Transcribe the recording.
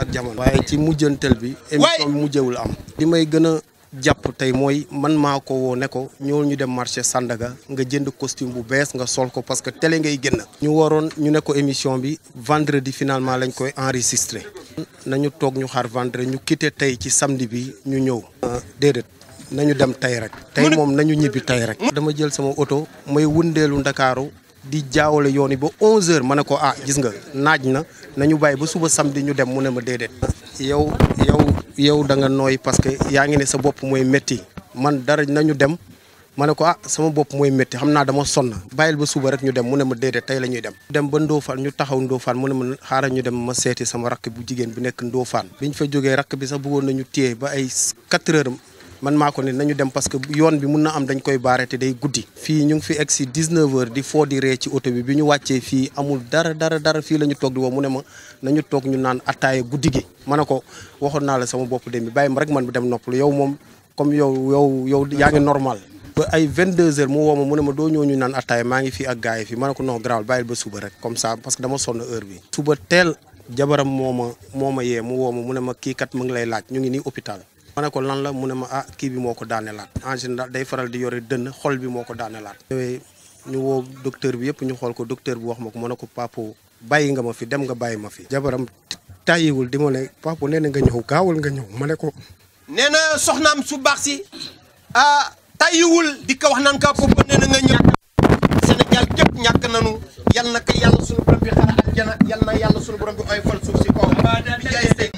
ak jamono. waaye ci mujjantal bi. émission bi mujjewul am. li may gën a jàpp tey mooy man maa ko woo ne ko ñoo ñu dem marché Sandaga nga jënd costume bu bees nga sol ko parce que télé ngay génna ñu waroon ñu ne ko émission bi vendredi finalement lañ koy enregistré. nañu toog ñu xaar vendredi ñu quitté tey ci samedi bi ñu ñëw. Euh, déedéet. nañu dem tey rek. tey moom nañu ñibbi tey rek. dama jël sama oto may wundeelu Ndakaaru. di jaawale yoon yi ba 11h ma ne ko ah gis nga naaj na na ñu bàyyi ba suba samedi ñu dem mu ne ma déedéet. yow yow yow da nga nooy parce que yaa ngi ne sa bopp mooy métti man dara na ñu dem ma ne ko ah sama bopp mooy métti xam naa dama sonn bàyyil ba suba rek ñu dem mu ne ma déedéet tey la ñuy dem. dem ba Ndofane ñu taxaw Ndofane mu ne ma xaaral ñu dem ma seeti sama rakk bu jigéen bi nekk bi ñu fa jógee rakk bi sax bëggoon ñu téye ba ay 4 heures man mako ko ni nañu dem parce que yoon bi mëna am dañ koy baare te day goudi fi ñu ngi fi exi 19 h di fo di ré ci auto bi bi ñu fi amul dara dara dara Fi lañu tok di wo mu ne ma nañu tok ñu naan attaaye goudi gi manako waxon na la sama bop dem bi bàyyi rek man bi dem noppalu yow mom comme yow yow yow yaangi normal ba ay 22 h mu wo mu ne ma do ñoo ñu naan attaaye ma ngi fi ak gaay fi manako paske non graw bayil ba suba rek comme ça parce que dama sonne heure bi suba tel jabaram moma moma ye mu wo mu ne ma ki kat ngi lay laaj ñu ngi ni hôpital mané ko lan la mune ma ah ki bi moko danelat en général day faral di yore deun xol bi moko danelat daanelaat dokter ñu wo docteur bi yépp ñu xol ko docteur bi wax mako mané ko papo bayyi nga ma fi dem nga bayyi ma fi jabaram tayiwul di ma ne papo néna nga ñew gaawal nga ñew mané ko néna su bax ci ah tayiwul di ko wax nan ka ko nee na nga ñew Sénégal képp ñak nañu yalla naka yalla suñu borom bi xara aljana yalla na yalla suñu borom bi oy fal suuf